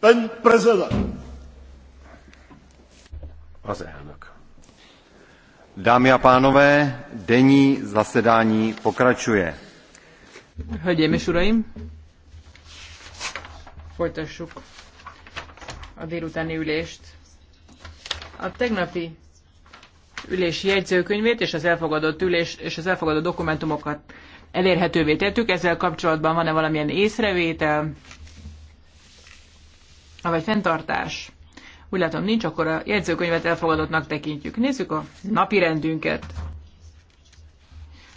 Az elnök. Dámy a pánové, denní zasedání pokračuje. Hölgyeim és uraim, folytassuk a délutáni ülést. A tegnapi ülési jegyzőkönyvét és az elfogadott ülés és az elfogadott dokumentumokat elérhetővé tettük. Ezzel kapcsolatban van-e valamilyen észrevétel? vagy fenntartás. Úgy látom nincs, akkor a jegyzőkönyvet elfogadottnak tekintjük. Nézzük a napi rendünket.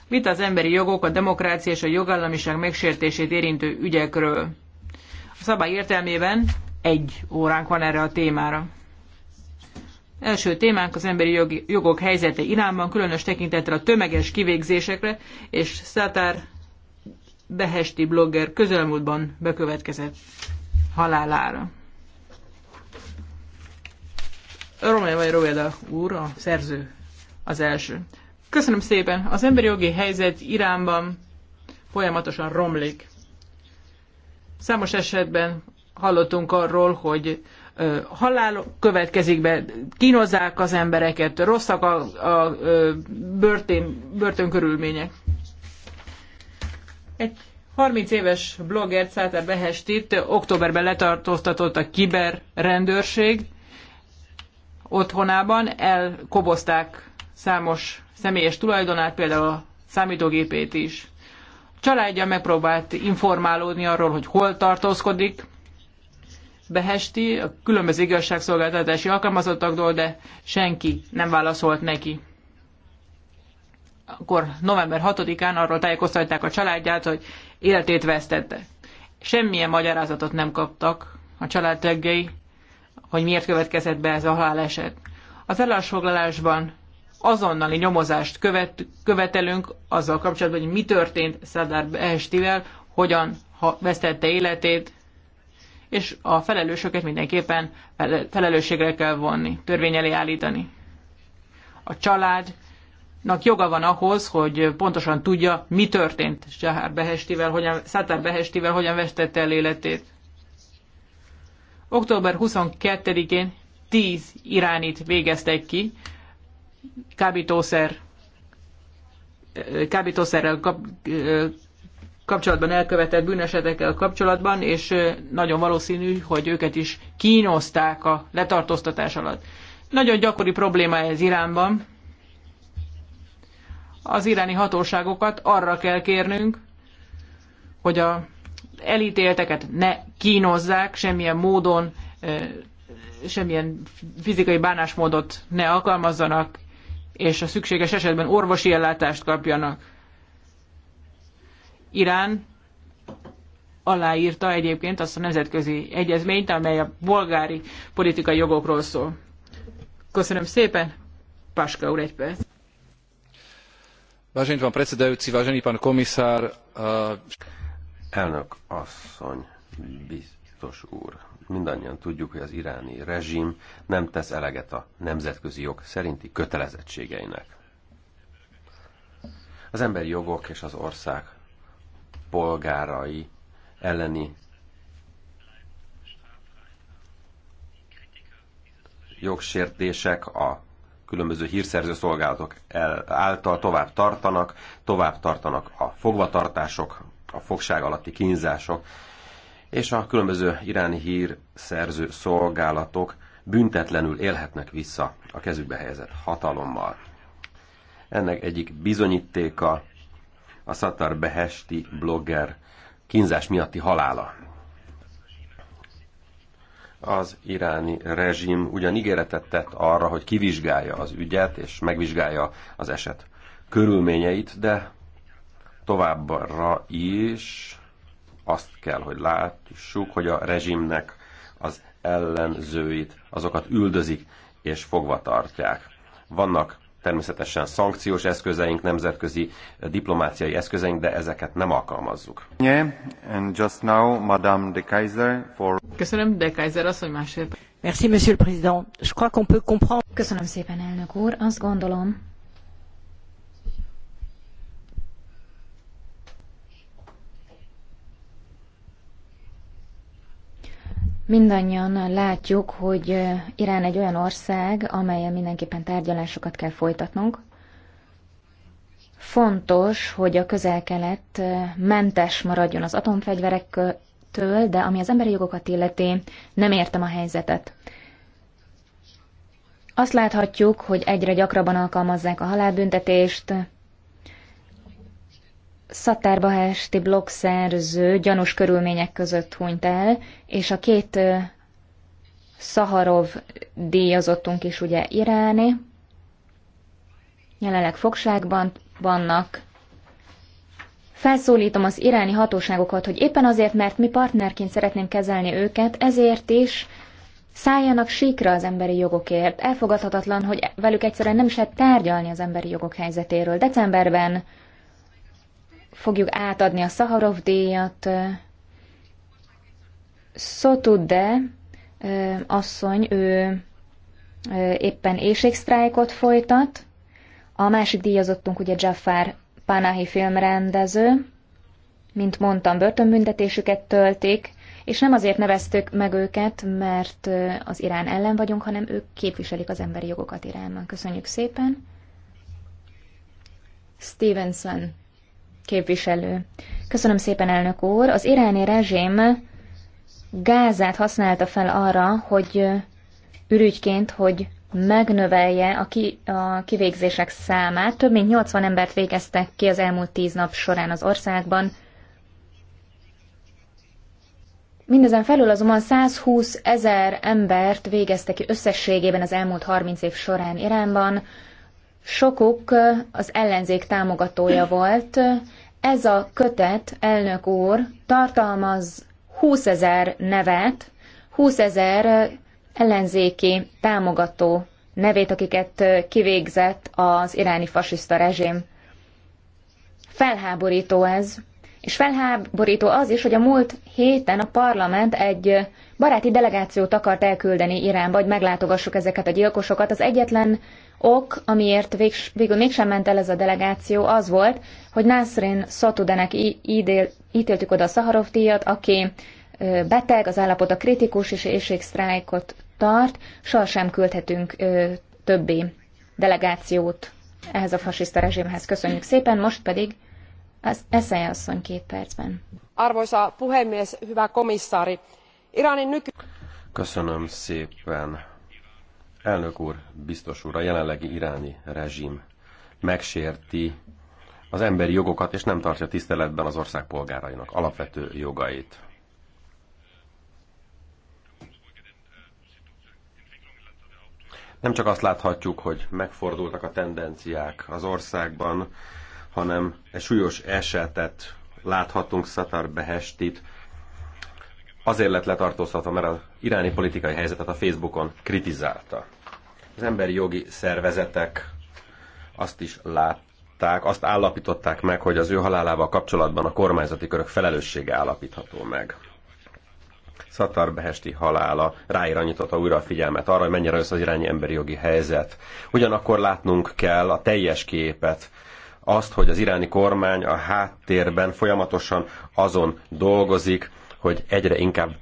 Vita az emberi jogok, a demokrácia és a jogállamiság megsértését érintő ügyekről. A szabály értelmében egy óránk van erre a témára. Első témánk az emberi jogi, jogok helyzete Iránban, különös tekintettel a tömeges kivégzésekre, és Szátár Behesti blogger közelmúltban bekövetkezett halálára. Romeo vagy Roeda úr, a szerző az első. Köszönöm szépen. Az emberi jogi helyzet Iránban folyamatosan romlik. Számos esetben hallottunk arról, hogy halál következik be, kínozzák az embereket, rosszak a, a, börtön, börtönkörülmények. Egy 30 éves blogger Száter Behestit októberben letartóztatott a kiberrendőrség, otthonában elkobozták számos személyes tulajdonát, például a számítógépét is. A családja megpróbált informálódni arról, hogy hol tartózkodik, Behesti, a különböző igazságszolgáltatási alkalmazottakról, de senki nem válaszolt neki. Akkor november 6-án arról tájékoztatták a családját, hogy életét vesztette. Semmilyen magyarázatot nem kaptak a családtagjai, hogy miért következett be ez a haláleset. Az elásfoglalásban azonnali nyomozást követ, követelünk azzal kapcsolatban, hogy mi történt Szadár Estivel, hogyan ha vesztette életét, és a felelősöket mindenképpen felelősségre kell vonni, törvény elé állítani. A családnak joga van ahhoz, hogy pontosan tudja, mi történt Sahár Behestivel, hogyan, Behestivel, hogyan vesztette el életét. Október 22-én 10 iránit végeztek ki kábítószer, kábítószerrel kap, kapcsolatban elkövetett bűnesetekkel kapcsolatban, és nagyon valószínű, hogy őket is kínozták a letartóztatás alatt. Nagyon gyakori probléma ez Iránban. Az iráni hatóságokat arra kell kérnünk, hogy a elítélteket ne kínozzák semmilyen módon, semmilyen fizikai bánásmódot ne alkalmazzanak, és a szükséges esetben orvosi ellátást kapjanak. Irán aláírta egyébként azt a nemzetközi egyezményt, amely a bolgári politikai jogokról szól. Köszönöm szépen, Paska úr egy perc. Vážený pán predsedajúci, vážený pán komisár. Uh... Elnök asszony, biztos úr, mindannyian tudjuk, hogy az iráni rezsim nem tesz eleget a nemzetközi jog szerinti kötelezettségeinek. Az emberi jogok és az ország polgárai elleni jogsértések a különböző hírszerző szolgálatok által tovább tartanak, tovább tartanak a fogvatartások, a fogság alatti kínzások és a különböző iráni hír szerző szolgálatok büntetlenül élhetnek vissza a kezükbe helyezett hatalommal. Ennek egyik bizonyítéka a Satar Behesti blogger kínzás miatti halála. Az iráni rezsim ugyan ígéretet tett arra, hogy kivizsgálja az ügyet és megvizsgálja az eset körülményeit, de Továbbra is azt kell, hogy lássuk, hogy a rezsimnek az ellenzőit, azokat üldözik és fogva tartják. Vannak természetesen szankciós eszközeink, nemzetközi diplomáciai eszközeink, de ezeket nem alkalmazzuk. Köszönöm, de Kaiser Köszönöm, de Kaiser asszony másért. Merci, Monsieur le Président. Je crois qu'on peut comprendre. Köszönöm szépen, elnök úr. Azt gondolom, Mindannyian látjuk, hogy Irán egy olyan ország, amelyen mindenképpen tárgyalásokat kell folytatnunk. Fontos, hogy a közel-kelet mentes maradjon az atomfegyverektől, de ami az emberi jogokat illeti, nem értem a helyzetet. Azt láthatjuk, hogy egyre gyakrabban alkalmazzák a halálbüntetést, szatárba esti blogszerző gyanús körülmények között hunyt el, és a két Szaharov díjazottunk is ugye iráni, jelenleg fogságban vannak. Felszólítom az iráni hatóságokat, hogy éppen azért, mert mi partnerként szeretném kezelni őket, ezért is szálljanak síkra az emberi jogokért. Elfogadhatatlan, hogy velük egyszerűen nem is lehet tárgyalni az emberi jogok helyzetéről. Decemberben fogjuk átadni a Szaharov díjat. Szotude asszony, ő éppen éjségsztrájkot folytat. A másik díjazottunk ugye Jafar Panahi filmrendező. Mint mondtam, börtönbüntetésüket töltik, és nem azért neveztük meg őket, mert az Irán ellen vagyunk, hanem ők képviselik az emberi jogokat Iránban. Köszönjük szépen! Stevenson képviselő. Köszönöm szépen, elnök úr. Az iráni rezsém gázát használta fel arra, hogy ürügyként, hogy megnövelje a, ki, a kivégzések számát. Több mint 80 embert végeztek ki az elmúlt tíz nap során az országban. Mindezen felül azonban 120 ezer embert végeztek ki összességében az elmúlt 30 év során Iránban. Sokuk az ellenzék támogatója volt. Ez a kötet, elnök úr, tartalmaz 20 ezer nevet, 20 ezer ellenzéki támogató nevét, akiket kivégzett az iráni fasiszta rezsim. Felháborító ez, és felháborító az is, hogy a múlt héten a parlament egy baráti delegációt akart elküldeni Iránba, hogy meglátogassuk ezeket a gyilkosokat. Az egyetlen ok, amiért végs, végül mégsem ment el ez a delegáció, az volt, hogy Nasrin Sotudenek ítél, ítéltük oda a Szaharov díjat, aki beteg, az állapota kritikus és éjségsztrájkot tart, sohasem küldhetünk többi delegációt ehhez a fasiszta rezsimhez. Köszönjük szépen, most pedig Eszeje asszony két percben. Arvoisa puhemies, hyvä komissári. Iranin nyky... Köszönöm szépen, Elnök úr, biztos úr, a jelenlegi iráni rezsim megsérti az emberi jogokat, és nem tartja tiszteletben az ország polgárainak alapvető jogait. Nem csak azt láthatjuk, hogy megfordultak a tendenciák az országban, hanem egy súlyos esetet láthatunk Szatar Behestit, azért lett letartóztatva, mert az iráni politikai helyzetet a Facebookon kritizálta. Az emberi jogi szervezetek azt is látták, azt állapították meg, hogy az ő halálával kapcsolatban a kormányzati körök felelőssége állapítható meg. Szatar Behesti halála ráirányította újra a figyelmet arra, hogy mennyire rossz az irányi emberi jogi helyzet. Ugyanakkor látnunk kell a teljes képet, azt, hogy az iráni kormány a háttérben folyamatosan azon dolgozik, hogy egyre inkább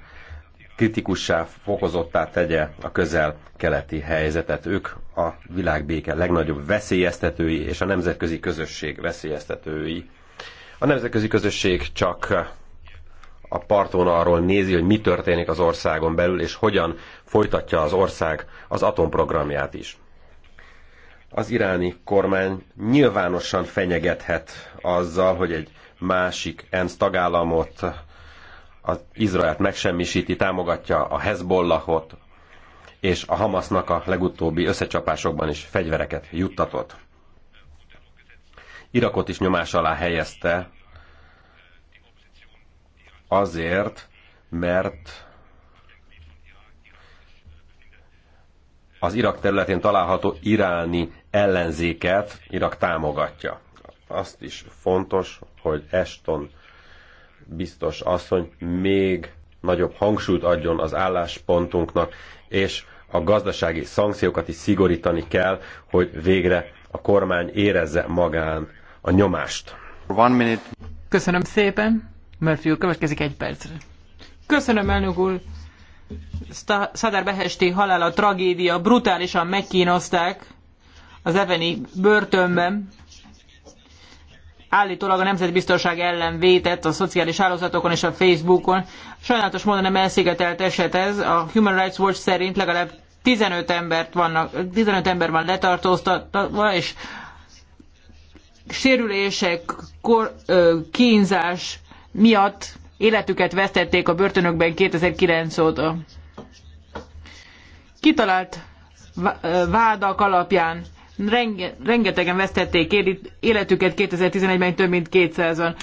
kritikussá, fokozottá tegye a közel-keleti helyzetet. Ők a világbéke legnagyobb veszélyeztetői, és a nemzetközi közösség veszélyeztetői. A nemzetközi közösség csak a parton arról nézi, hogy mi történik az országon belül, és hogyan folytatja az ország az atomprogramját is. Az iráni kormány nyilvánosan fenyegethet azzal, hogy egy másik ENSZ tagállamot az Izraelt megsemmisíti, támogatja a Hezbollahot, és a Hamasnak a legutóbbi összecsapásokban is fegyvereket juttatott. Irakot is nyomás alá helyezte azért, mert az Irak területén található iráni ellenzéket Irak támogatja. Azt is fontos, hogy Eston biztos hogy még nagyobb hangsúlyt adjon az álláspontunknak, és a gazdasági szankciókat is szigorítani kell, hogy végre a kormány érezze magán a nyomást. One minute. Köszönöm szépen. Murphy úr, következik egy percre. Köszönöm, elnök úr. Szadár Behesti halála tragédia, brutálisan megkínozták az eveni börtönben állítólag a nemzetbiztonság ellen vétett a szociális hálózatokon és a Facebookon. Sajnálatos módon nem elszigetelt eset ez. A Human Rights Watch szerint legalább 15, embert vannak, 15 ember van letartóztatva, és sérülések, kor, kínzás miatt életüket vesztették a börtönökben 2009 óta. Kitalált vádak alapján Renge, rengetegen vesztették életüket 2011-ben több mint 200-an.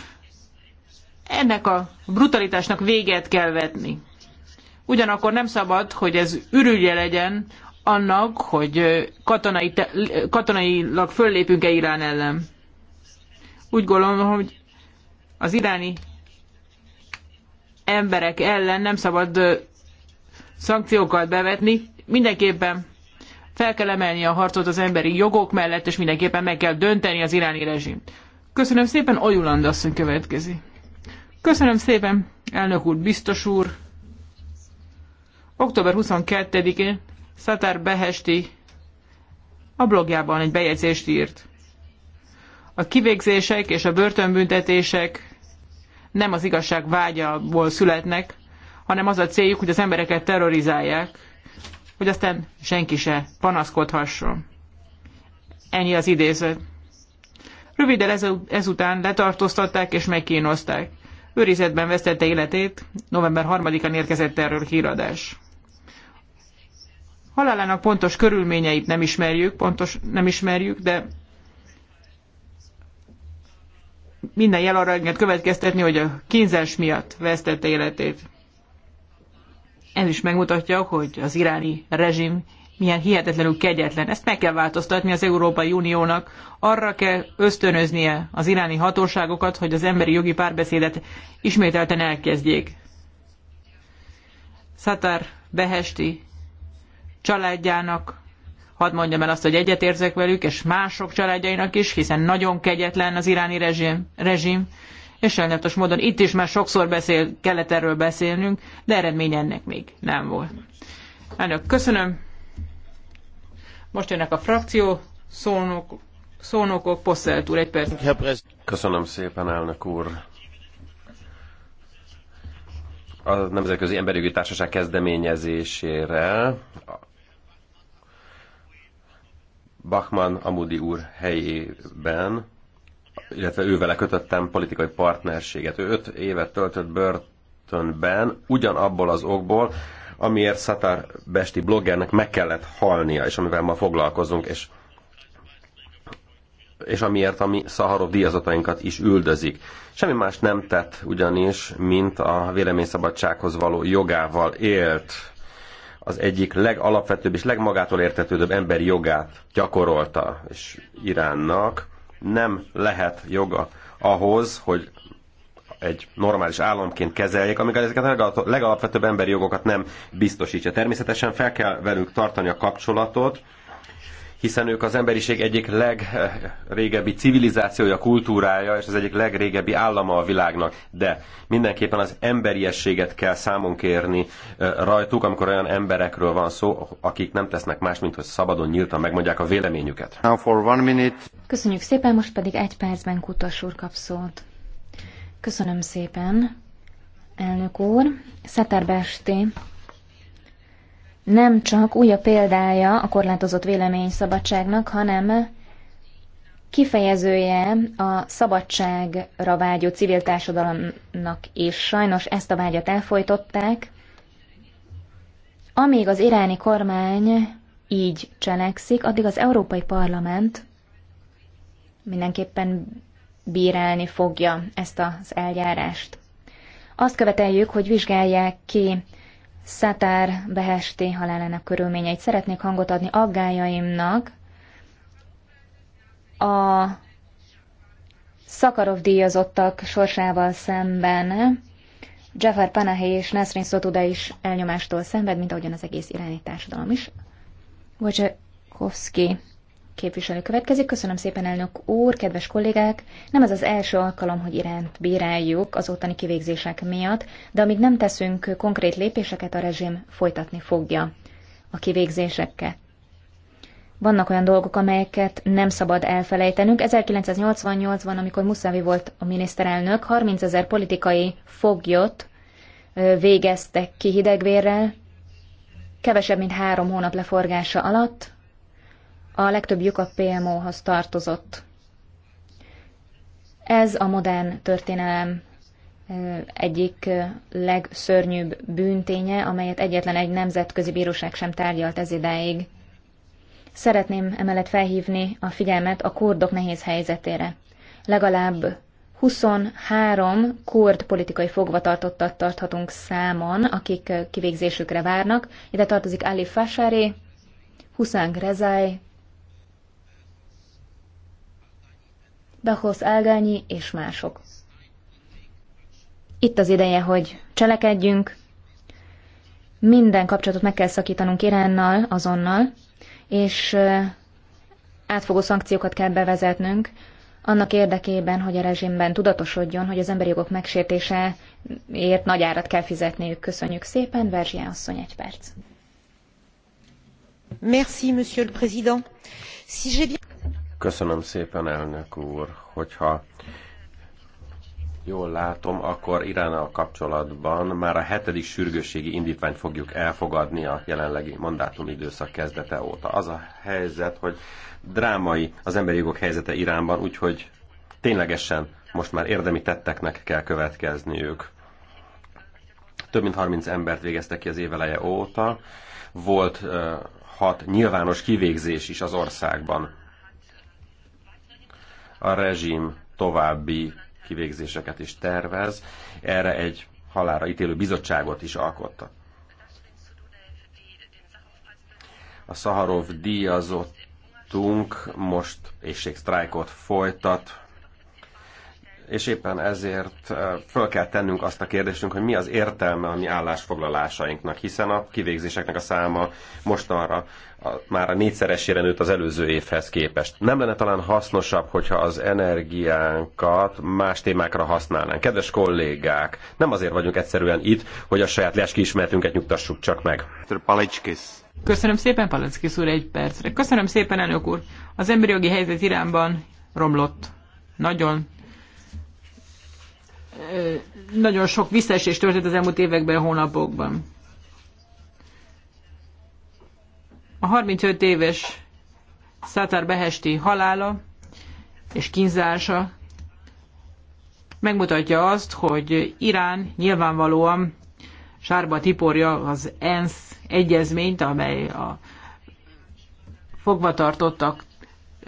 Ennek a brutalitásnak véget kell vetni. Ugyanakkor nem szabad, hogy ez ürügye legyen annak, hogy katonai katonailag föllépünk-e Irán ellen. Úgy gondolom, hogy az iráni emberek ellen nem szabad szankciókat bevetni, mindenképpen fel kell emelni a harcot az emberi jogok mellett, és mindenképpen meg kell dönteni az iráni rezsim. Köszönöm szépen, Ojuland asszony következik. Köszönöm szépen, elnök úr, biztos úr. Október 22-én Szatár Behesti a blogjában egy bejegyzést írt. A kivégzések és a börtönbüntetések nem az igazság vágyából születnek, hanem az a céljuk, hogy az embereket terrorizálják hogy aztán senki se panaszkodhasson. Ennyi az idézet. Röviddel ezután letartóztatták és megkínozták. Őrizetben vesztette életét, november 3-án érkezett erről híradás. Halálának pontos körülményeit nem ismerjük, pontos nem ismerjük, de minden jel arra következtetni, hogy a kínzás miatt vesztette életét. Ez is megmutatja, hogy az iráni rezsim milyen hihetetlenül kegyetlen. Ezt meg kell változtatni az Európai Uniónak. Arra kell ösztönöznie az iráni hatóságokat, hogy az emberi jogi párbeszédet ismételten elkezdjék. Szatár Behesti családjának, hadd mondjam el azt, hogy egyetérzek velük, és mások családjainak is, hiszen nagyon kegyetlen az iráni rezsim, rezsim és sajnálatos módon itt is már sokszor beszél, kellett erről beszélnünk, de eredmény ennek még nem volt. Elnök, köszönöm. Most jönnek a frakció szónok, szónokok, Posselt úr, egy perc. Köszönöm szépen, elnök úr a Nemzetközi Emberjogi Társaság kezdeményezésére Bachmann Amudi úr helyében illetve ővele kötöttem politikai partnerséget. Ő öt évet töltött börtönben, ugyanabból az okból, amiért Szatár Besti bloggernek meg kellett halnia, és amivel ma foglalkozunk, és, és amiért a mi Szaharov díjazatainkat is üldözik. Semmi más nem tett ugyanis, mint a véleményszabadsághoz való jogával élt az egyik legalapvetőbb és legmagától értetődőbb emberi jogát gyakorolta és Iránnak nem lehet joga ahhoz, hogy egy normális államként kezeljék, amikor ezeket a legalapvetőbb emberi jogokat nem biztosítja. Természetesen fel kell velük tartani a kapcsolatot, hiszen ők az emberiség egyik legrégebbi civilizációja, kultúrája és az egyik legrégebbi állama a világnak. De mindenképpen az emberiességet kell számon kérni rajtuk, amikor olyan emberekről van szó, akik nem tesznek más, mint hogy szabadon, nyíltan megmondják a véleményüket. Now for one minute. Köszönjük szépen, most pedig egy percben Kutas úr kap szót. Köszönöm szépen, elnök úr. Szeterbesti nem csak újabb példája a korlátozott véleményszabadságnak, hanem kifejezője a szabadságra vágyó civil társadalomnak, és sajnos ezt a vágyat elfolytották. Amíg az iráni kormány így cselekszik, addig az Európai Parlament mindenképpen bírálni fogja ezt az eljárást. Azt követeljük, hogy vizsgálják ki Szatár Behesti halálának körülményeit. Szeretnék hangot adni aggájaimnak. A Szakarov díjazottak sorsával szemben Jafar Panahé és Nasrin Sotuda is elnyomástól szenved, mint ahogyan az egész iráni társadalom is. Wojciechowski képviselő következik. Köszönöm szépen, elnök úr, kedves kollégák! Nem ez az első alkalom, hogy Iránt bíráljuk az ottani kivégzések miatt, de amíg nem teszünk konkrét lépéseket, a rezsim folytatni fogja a kivégzésekkel. Vannak olyan dolgok, amelyeket nem szabad elfelejtenünk. 1988-ban, amikor Muszávi volt a miniszterelnök, 30 ezer politikai foglyot végeztek ki hidegvérrel, kevesebb, mint három hónap leforgása alatt, a legtöbbjük a PMO-hoz tartozott. Ez a modern történelem egyik legszörnyűbb bűnténye, amelyet egyetlen egy nemzetközi bíróság sem tárgyalt ez idáig. Szeretném emellett felhívni a figyelmet a kurdok nehéz helyzetére. Legalább 23 kurd politikai fogvatartottat tarthatunk számon, akik kivégzésükre várnak. Ide tartozik Ali Fasari, Husang Rezai, Behosz Álgányi és mások. Itt az ideje, hogy cselekedjünk, minden kapcsolatot meg kell szakítanunk Iránnal azonnal, és átfogó szankciókat kell bevezetnünk, annak érdekében, hogy a rezsimben tudatosodjon, hogy az emberi jogok megsértéseért nagy árat kell fizetniük. Köszönjük szépen, Verzsia asszony, egy perc. Merci, monsieur le président. Si j'ai bien... Köszönöm szépen, elnök úr, hogyha jól látom, akkor Iránnal kapcsolatban már a hetedik sürgősségi indítványt fogjuk elfogadni a jelenlegi mandátum időszak kezdete óta. Az a helyzet, hogy drámai az emberi jogok helyzete Iránban, úgyhogy ténylegesen most már érdemi tetteknek kell következniük. Több mint 30 embert végeztek ki az éveleje óta, volt hat nyilvános kivégzés is az országban a rezsim további kivégzéseket is tervez. Erre egy halára ítélő bizottságot is alkotta. A Szaharov díjazottunk most éjségsztrájkot folytat és éppen ezért föl kell tennünk azt a kérdésünk, hogy mi az értelme a mi állásfoglalásainknak, hiszen a kivégzéseknek a száma mostanra a, már a négyszeresére nőtt az előző évhez képest. Nem lenne talán hasznosabb, hogyha az energiánkat más témákra használnánk? Kedves kollégák, nem azért vagyunk egyszerűen itt, hogy a saját leski ismeretünket nyugtassuk csak meg. Köszönöm szépen, Palackis úr, egy percre. Köszönöm szépen, elnök úr. Az emberi jogi helyzet Iránban romlott. Nagyon nagyon sok visszaesés történt az elmúlt években, hónapokban. A 35 éves Szátár Behesti halála és kínzása megmutatja azt, hogy Irán nyilvánvalóan sárba tiporja az ENSZ egyezményt, amely a fogvatartottak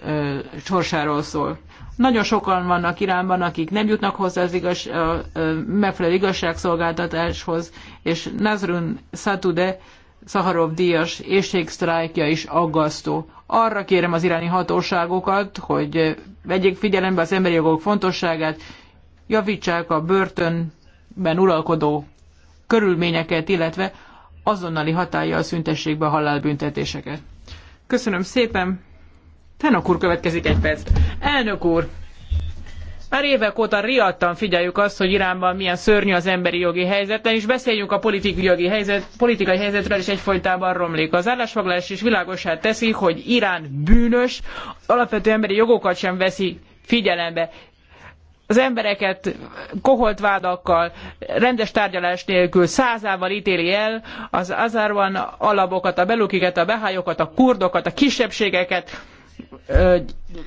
ö, sorsáról szól. Nagyon sokan vannak Iránban, akik nem jutnak hozzá az igaz, a, a megfelelő igazságszolgáltatáshoz, és Nazrun Satude Szaharov díjas éjségsztrájkja is aggasztó. Arra kérem az iráni hatóságokat, hogy vegyék figyelembe az emberi jogok fontosságát, javítsák a börtönben uralkodó körülményeket, illetve azonnali hatája a szüntességbe halálbüntetéseket. Köszönöm szépen! Tenok úr következik egy perc. Elnök úr, már évek óta riadtan figyeljük azt, hogy Iránban milyen szörnyű az emberi jogi helyzet, és beszéljünk a politikai, jogi helyzet, politikai helyzetről, és egyfolytában romlik. Az állásfoglalás is világosát teszi, hogy Irán bűnös, alapvető emberi jogokat sem veszi figyelembe. Az embereket koholt vádakkal, rendes tárgyalás nélkül százával ítéli el az Azarban alabokat, a belukiket, a behályokat, a kurdokat, a kisebbségeket,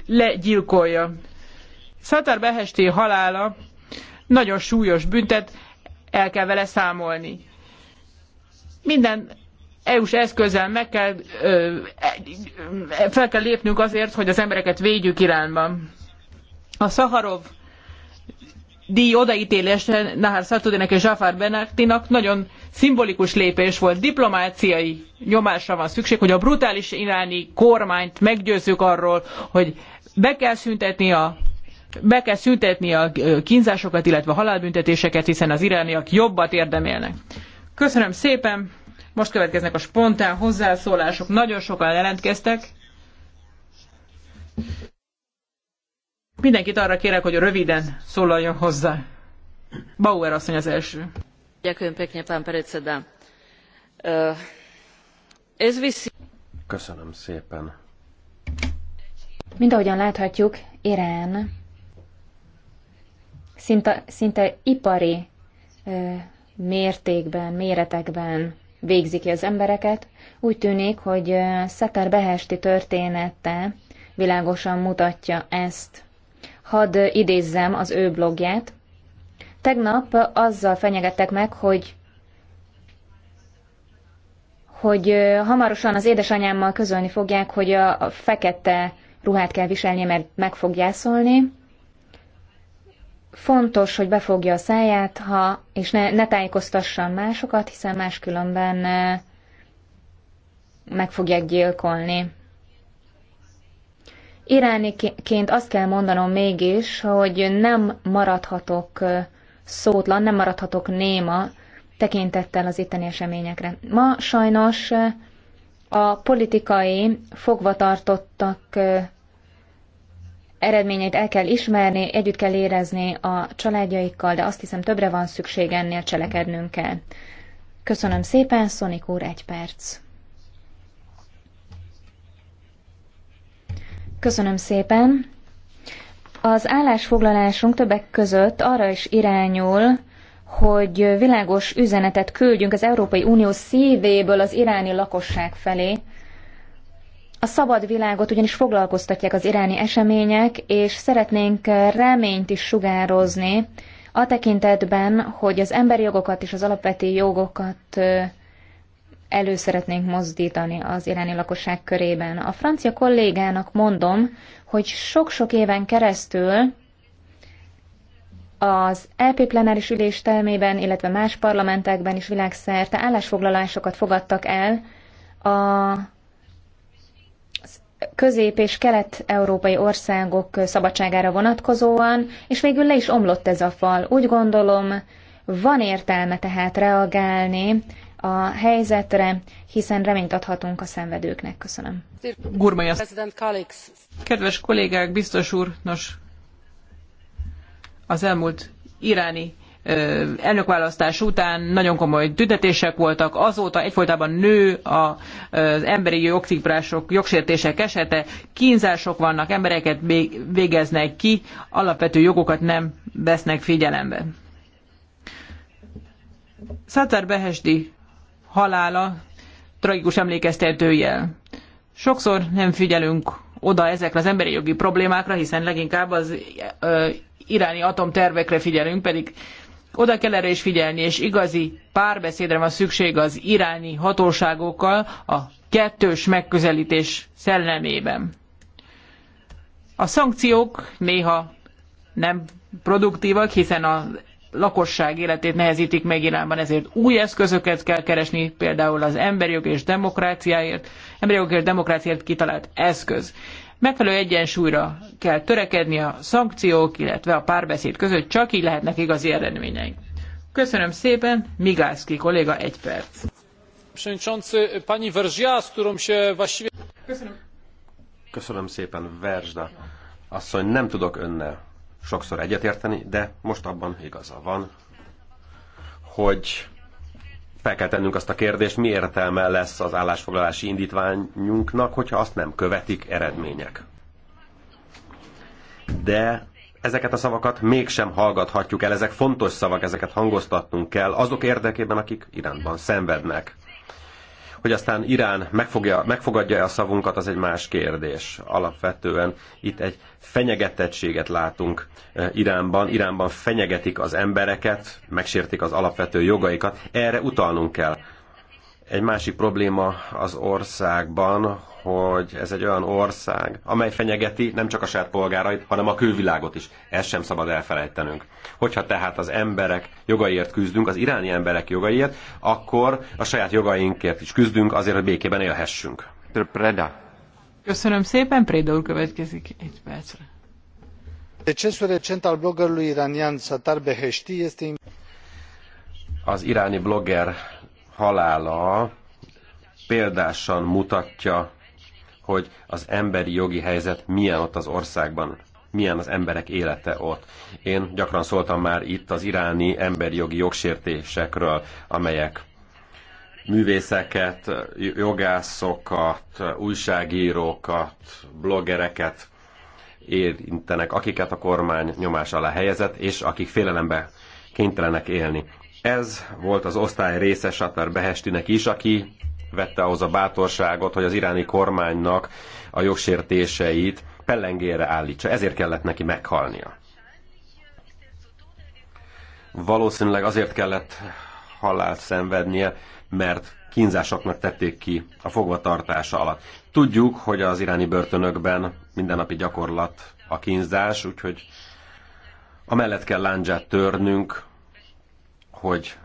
legyilkolja. Szatár Behesté halála nagyon súlyos büntet, el kell vele számolni. Minden EU-s eszközzel meg kell, e, fel kell lépnünk azért, hogy az embereket védjük Iránban. A Szaharov díj odaítélése Nahar Szatudinek és Zsafár Benártinak nagyon szimbolikus lépés volt. Diplomáciai nyomásra van szükség, hogy a brutális iráni kormányt meggyőzzük arról, hogy be kell szüntetni a be kell szüntetni a kínzásokat, illetve a halálbüntetéseket, hiszen az irániak jobbat érdemelnek. Köszönöm szépen! Most következnek a spontán hozzászólások. Nagyon sokan jelentkeztek. Mindenkit arra kérek, hogy röviden szólaljon hozzá. Bauer asszony az első. Köszönöm szépen. Mint ahogyan láthatjuk, Irán szinte, szinte ipari ö, mértékben, méretekben végzi ki az embereket. Úgy tűnik, hogy Szatar Behesti története világosan mutatja ezt. Hadd idézzem az ő blogját. Tegnap azzal fenyegettek meg, hogy hogy hamarosan az édesanyámmal közölni fogják, hogy a fekete ruhát kell viselnie, mert meg fog gyászolni. Fontos, hogy befogja a száját, ha, és ne, ne tájékoztasson másokat, hiszen máskülönben meg fogják gyilkolni. Irániként azt kell mondanom mégis, hogy nem maradhatok szótlan, nem maradhatok néma tekintettel az itteni eseményekre. Ma sajnos a politikai fogvatartottak eredményeit el kell ismerni, együtt kell érezni a családjaikkal, de azt hiszem többre van szükség ennél, cselekednünk kell. Köszönöm szépen, Szonik úr, egy perc. Köszönöm szépen. Az állásfoglalásunk többek között arra is irányul, hogy világos üzenetet küldjünk az Európai Unió szívéből az iráni lakosság felé. A szabad világot ugyanis foglalkoztatják az iráni események, és szeretnénk reményt is sugározni a tekintetben, hogy az emberi jogokat és az alapvető jogokat elő szeretnénk mozdítani az iráni lakosság körében. A francia kollégának mondom, hogy sok-sok éven keresztül az LP e plenáris ülés termében, illetve más parlamentekben is világszerte állásfoglalásokat fogadtak el a közép- és kelet-európai országok szabadságára vonatkozóan, és végül le is omlott ez a fal. Úgy gondolom, van értelme tehát reagálni a helyzetre, hiszen reményt adhatunk a szenvedőknek. Köszönöm. Gurmai Kedves kollégák, biztos úr, nos, az elmúlt iráni elnökválasztás után nagyon komoly tüntetések voltak, azóta egyfolytában nő az emberi jogszikprások, jogsértések esete, kínzások vannak, embereket végeznek ki, alapvető jogokat nem vesznek figyelembe. Szátár Behesdi halála tragikus emlékeztetőjel. Sokszor nem figyelünk oda ezekre az emberi jogi problémákra, hiszen leginkább az ö, iráni atomtervekre figyelünk, pedig oda kell erre is figyelni, és igazi párbeszédre van szükség az iráni hatóságokkal a kettős megközelítés szellemében. A szankciók néha nem produktívak, hiszen az lakosság életét nehezítik meg Iránban, ezért új eszközöket kell keresni, például az emberi és demokráciáért, emberi és demokráciáért kitalált eszköz. Megfelelő egyensúlyra kell törekedni a szankciók, illetve a párbeszéd között, csak így lehetnek igazi eredményeink. Köszönöm szépen, Migászki kolléga, egy perc. Köszönöm. Köszönöm szépen, Verzsda asszony, nem tudok önnel sokszor egyetérteni, de most abban igaza van, hogy fel kell tennünk azt a kérdést, mi értelme lesz az állásfoglalási indítványunknak, hogyha azt nem követik eredmények. De ezeket a szavakat mégsem hallgathatjuk el, ezek fontos szavak, ezeket hangoztatnunk kell azok érdekében, akik Iránban szenvednek. Hogy aztán Irán megfogja, megfogadja-e a szavunkat, az egy más kérdés. Alapvetően itt egy fenyegetettséget látunk eh, Iránban. Iránban fenyegetik az embereket, megsértik az alapvető jogaikat. Erre utalnunk kell. Egy másik probléma az országban, hogy ez egy olyan ország, amely fenyegeti nem csak a saját polgárait, hanem a külvilágot is. Ezt sem szabad elfelejtenünk. Hogyha tehát az emberek jogaiért küzdünk, az iráni emberek jogaiért, akkor a saját jogainkért is küzdünk azért, hogy békében élhessünk. Preda. Köszönöm szépen, Prédol következik egy percre. Decesul recent al bloggerului iranian Satar Beheshti este... Az iráni blogger halála példásan mutatja, hogy az emberi jogi helyzet milyen ott az országban, milyen az emberek élete ott. Én gyakran szóltam már itt az iráni emberi jogi jogsértésekről, amelyek művészeket, jogászokat, újságírókat, bloggereket érintenek, akiket a kormány nyomás alá helyezett, és akik félelembe kénytelenek élni. Ez volt az osztály része Sattar Behestinek is, aki vette ahhoz a bátorságot, hogy az iráni kormánynak a jogsértéseit pellengére állítsa. Ezért kellett neki meghalnia. Valószínűleg azért kellett halált szenvednie, mert kínzásoknak tették ki a fogvatartása alatt. Tudjuk, hogy az iráni börtönökben mindennapi gyakorlat a kínzás, úgyhogy amellett kell láncsát törnünk, hogy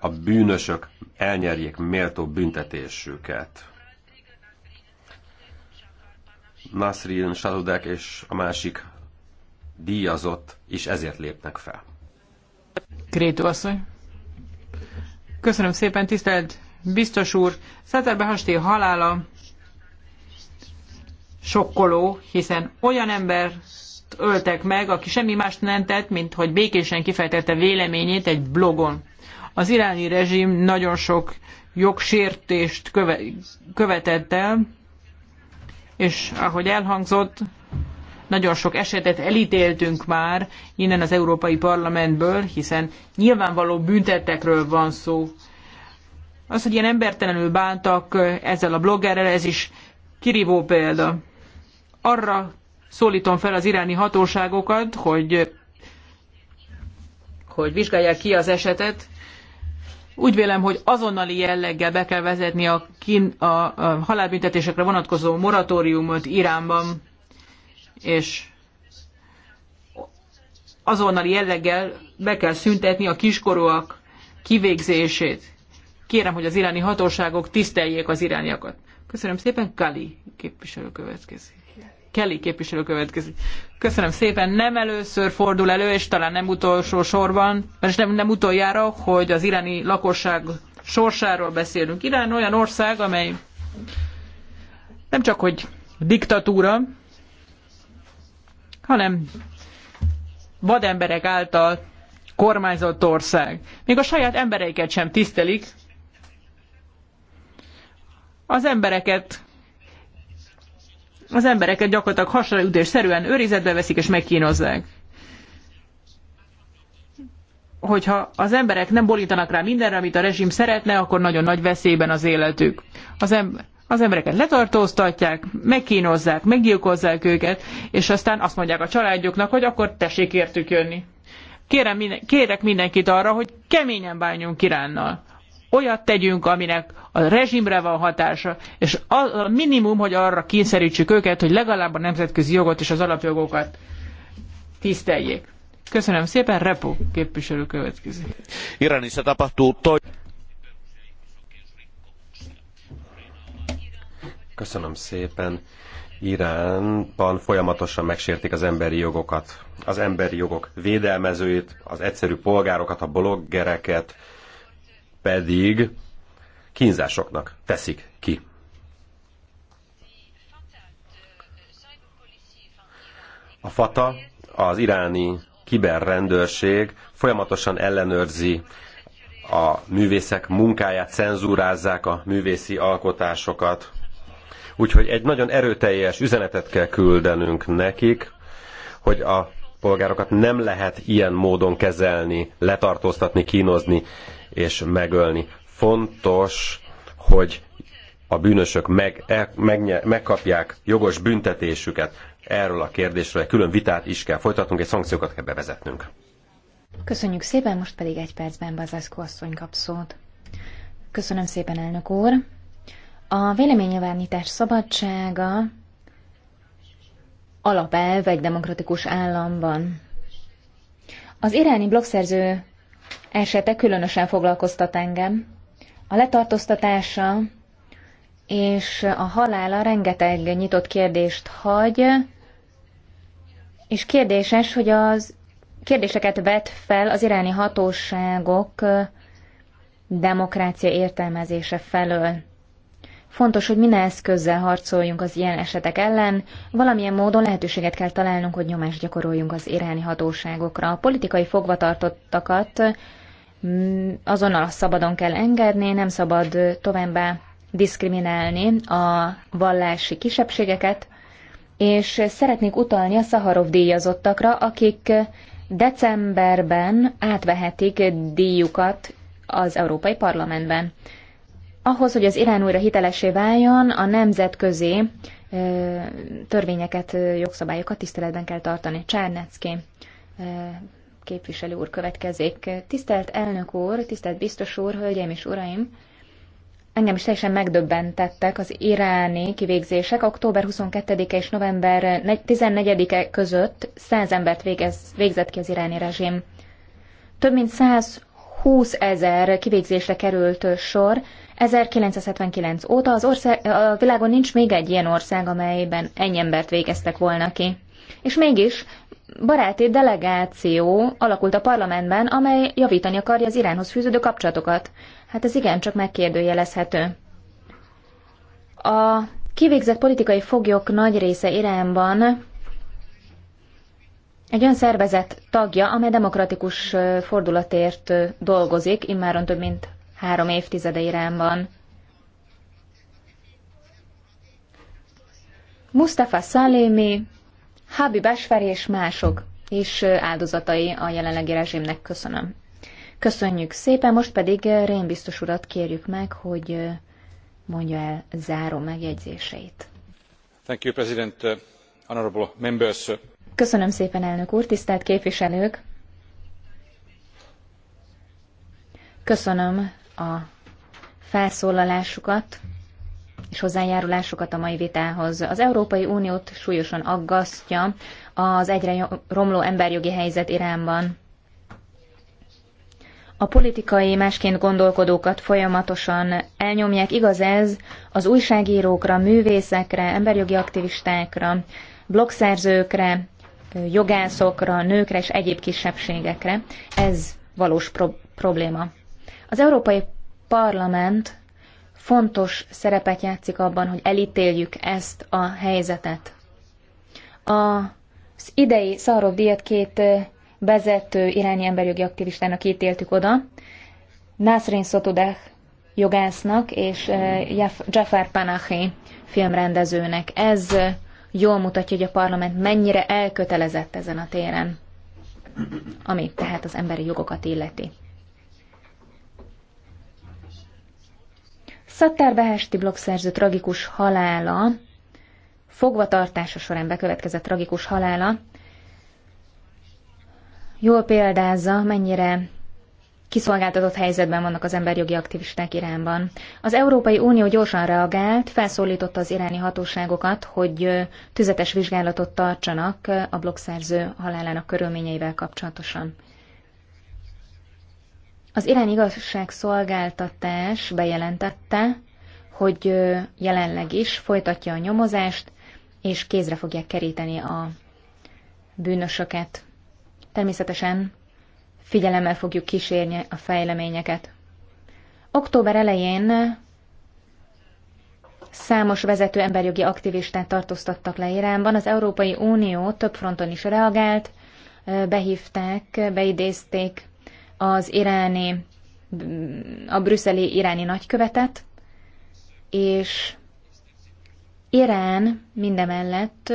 a bűnösök elnyerjék méltó büntetésüket. Nasrin Sadudek és a másik díjazott is ezért lépnek fel. Krétu asszony. Köszönöm szépen, tisztelt biztos úr. Szeterbe Hasti halála sokkoló, hiszen olyan ember öltek meg, aki semmi más nem tett, mint hogy békésen kifejtette véleményét egy blogon. Az iráni rezsim nagyon sok jogsértést köve, követett el, és ahogy elhangzott, nagyon sok esetet elítéltünk már innen az Európai Parlamentből, hiszen nyilvánvaló büntetekről van szó. Az, hogy ilyen embertelenül bántak ezzel a bloggerrel, ez is kirívó példa. Arra szólítom fel az iráni hatóságokat, hogy, hogy vizsgálják ki az esetet. Úgy vélem, hogy azonnali jelleggel be kell vezetni a, kín, a, a halálbüntetésekre vonatkozó moratóriumot Iránban, és azonnali jelleggel be kell szüntetni a kiskorúak kivégzését. Kérem, hogy az iráni hatóságok tiszteljék az irániakat. Köszönöm szépen, Kali képviselő következik. Kelly képviselő következik. Köszönöm szépen. Nem először fordul elő, és talán nem utolsó sorban, és nem, nem utoljára, hogy az iráni lakosság sorsáról beszélünk. Irán olyan ország, amely nem csak hogy diktatúra, hanem vademberek által kormányzott ország. Még a saját embereiket sem tisztelik. Az embereket az embereket gyakorlatilag hasraütés szerűen őrizetbe veszik és megkínozzák. Hogyha az emberek nem borítanak rá mindenre, amit a rezsim szeretne, akkor nagyon nagy veszélyben az életük. Az, em- az embereket letartóztatják, megkínozzák, meggyilkozzák őket, és aztán azt mondják a családjuknak, hogy akkor tessék értük jönni. Kérem minden- kérek mindenkit arra, hogy keményen bánjunk Iránnal olyat tegyünk, aminek a rezsimre van hatása, és a minimum, hogy arra kényszerítsük őket, hogy legalább a nemzetközi jogot és az alapjogokat tiszteljék. Köszönöm szépen, Repo képviselő következik. Iranissa tapahtuu toj... Köszönöm szépen. Iránban folyamatosan megsértik az emberi jogokat. Az emberi jogok védelmezőit, az egyszerű polgárokat, a bloggereket, pedig kínzásoknak teszik ki. A FATA, az iráni kiberrendőrség folyamatosan ellenőrzi a művészek munkáját, cenzúrázzák a művészi alkotásokat. Úgyhogy egy nagyon erőteljes üzenetet kell küldenünk nekik, hogy a polgárokat nem lehet ilyen módon kezelni, letartóztatni, kínozni, és megölni. Fontos, hogy a bűnösök meg, el, meg, megkapják jogos büntetésüket. Erről a kérdésről egy külön vitát is kell folytatnunk, és szankciókat kell bevezetnünk. Köszönjük szépen, most pedig egy percben Bazaszko asszony kap szót. Köszönöm szépen, elnök úr. A véleménynyilvánítás szabadsága alapelv egy demokratikus államban. Az iráni blogszerző esete különösen foglalkoztat engem. A letartóztatása és a halála rengeteg nyitott kérdést hagy, és kérdéses, hogy az kérdéseket vet fel az iráni hatóságok demokrácia értelmezése felől. Fontos, hogy minden eszközzel harcoljunk az ilyen esetek ellen, valamilyen módon lehetőséget kell találnunk, hogy nyomást gyakoroljunk az iráni hatóságokra. A politikai fogvatartottakat Mm, azonnal szabadon kell engedni, nem szabad továbbá diszkriminálni a vallási kisebbségeket, és szeretnék utalni a Szaharov díjazottakra, akik decemberben átvehetik díjukat az Európai Parlamentben. Ahhoz, hogy az Irán újra hitelesé váljon, a nemzetközi törvényeket, jogszabályokat tiszteletben kell tartani. Csárnecki képviselő úr következik. Tisztelt elnök úr, tisztelt biztos úr, hölgyeim és uraim! Engem is teljesen megdöbbentettek az iráni kivégzések. Október 22-e és november 14-e között 100 embert végez, végzett ki az iráni rezsim. Több mint 120 ezer kivégzésre került sor. 1979 óta az ország, a világon nincs még egy ilyen ország, amelyben ennyi embert végeztek volna ki. És mégis baráti delegáció alakult a parlamentben, amely javítani akarja az Iránhoz fűződő kapcsolatokat. Hát ez igencsak megkérdőjelezhető. A kivégzett politikai foglyok nagy része Iránban egy olyan szervezet tagja, amely demokratikus fordulatért dolgozik, immáron több mint három évtizede Iránban. Mustafa Salemi, Hábi Basfer és mások is áldozatai a jelenlegi rezsimnek. Köszönöm. Köszönjük szépen, most pedig Rén biztos urat kérjük meg, hogy mondja el záró megjegyzéseit. Thank you, President. Honorable members. Köszönöm szépen, elnök úr, tisztelt képviselők! Köszönöm a felszólalásukat és hozzájárulásukat a mai vitához. Az Európai Uniót súlyosan aggasztja az egyre romló emberjogi helyzet Iránban. A politikai másként gondolkodókat folyamatosan elnyomják, igaz ez az újságírókra, művészekre, emberjogi aktivistákra, blogszerzőkre, jogászokra, nőkre és egyéb kisebbségekre. Ez valós pro- probléma. Az Európai Parlament fontos szerepet játszik abban, hogy elítéljük ezt a helyzetet. Az idei Szarov díjat két vezető iráni emberjogi aktivistának ítéltük oda, Nasrin Sotudeh jogásznak és Jafar Panahi filmrendezőnek. Ez jól mutatja, hogy a parlament mennyire elkötelezett ezen a téren, ami tehát az emberi jogokat illeti. Szattár Behesti blogszerző tragikus halála, fogvatartása során bekövetkezett tragikus halála, jól példázza, mennyire kiszolgáltatott helyzetben vannak az emberjogi aktivisták Iránban. Az Európai Unió gyorsan reagált, felszólította az iráni hatóságokat, hogy tüzetes vizsgálatot tartsanak a blogszerző halálának körülményeivel kapcsolatosan. Az irány igazságszolgáltatás bejelentette, hogy jelenleg is folytatja a nyomozást, és kézre fogják keríteni a bűnösöket. Természetesen figyelemmel fogjuk kísérni a fejleményeket. Október elején számos vezető emberjogi aktivistát tartóztattak le Iránban. Az Európai Unió több fronton is reagált, behívták, beidézték az iráni, a brüsszeli iráni nagykövetet, és Irán mindemellett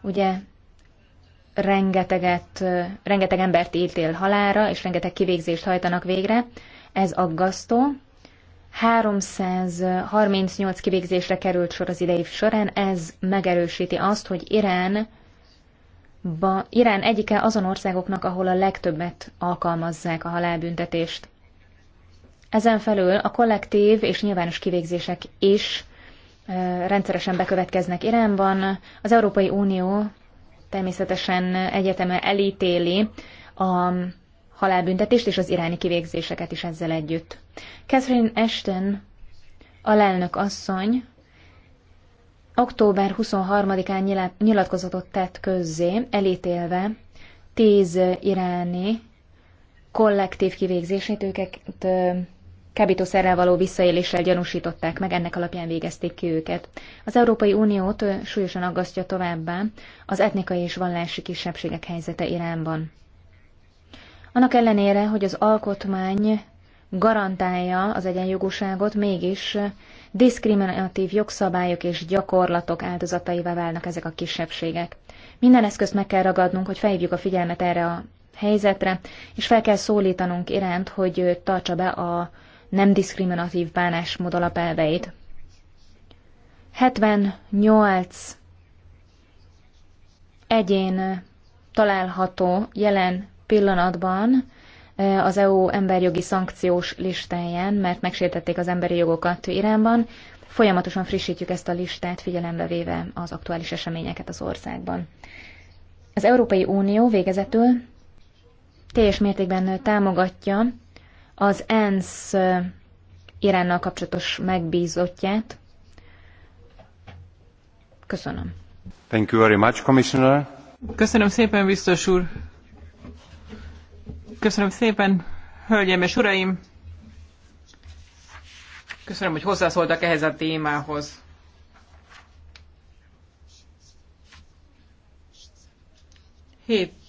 ugye rengeteget, rengeteg embert ítél halára, és rengeteg kivégzést hajtanak végre. Ez aggasztó. 338 kivégzésre került sor az idei során, ez megerősíti azt, hogy Irán Ba, Irán egyike azon országoknak, ahol a legtöbbet alkalmazzák a halálbüntetést. Ezen felül a kollektív és nyilvános kivégzések is e, rendszeresen bekövetkeznek Iránban. Az Európai Unió természetesen egyeteme elítéli a halálbüntetést és az iráni kivégzéseket is ezzel együtt. Catherine Ashton, alelnök asszony, október 23-án nyilatkozatot tett közzé, elítélve tíz iráni kollektív kivégzését, őket kábítószerrel való visszaéléssel gyanúsították meg, ennek alapján végezték ki őket. Az Európai Uniót súlyosan aggasztja továbbá az etnikai és vallási kisebbségek helyzete Iránban. Annak ellenére, hogy az alkotmány garantálja az egyenjogúságot, mégis diszkriminatív jogszabályok és gyakorlatok áldozataivá válnak ezek a kisebbségek. Minden eszközt meg kell ragadnunk, hogy felhívjuk a figyelmet erre a helyzetre, és fel kell szólítanunk iránt, hogy tartsa be a nem diszkriminatív bánásmód alapelveit. 78 egyén található jelen pillanatban az EU emberjogi szankciós listáján, mert megsértették az emberi jogokat Iránban. Folyamatosan frissítjük ezt a listát, figyelembe véve az aktuális eseményeket az országban. Az Európai Unió végezetül teljes mértékben támogatja az ENSZ Iránnal kapcsolatos megbízottját. Köszönöm. Thank you very much, Commissioner. Köszönöm szépen, biztos úr. Köszönöm szépen, hölgyeim és uraim! Köszönöm, hogy hozzászóltak ehhez a témához. Hét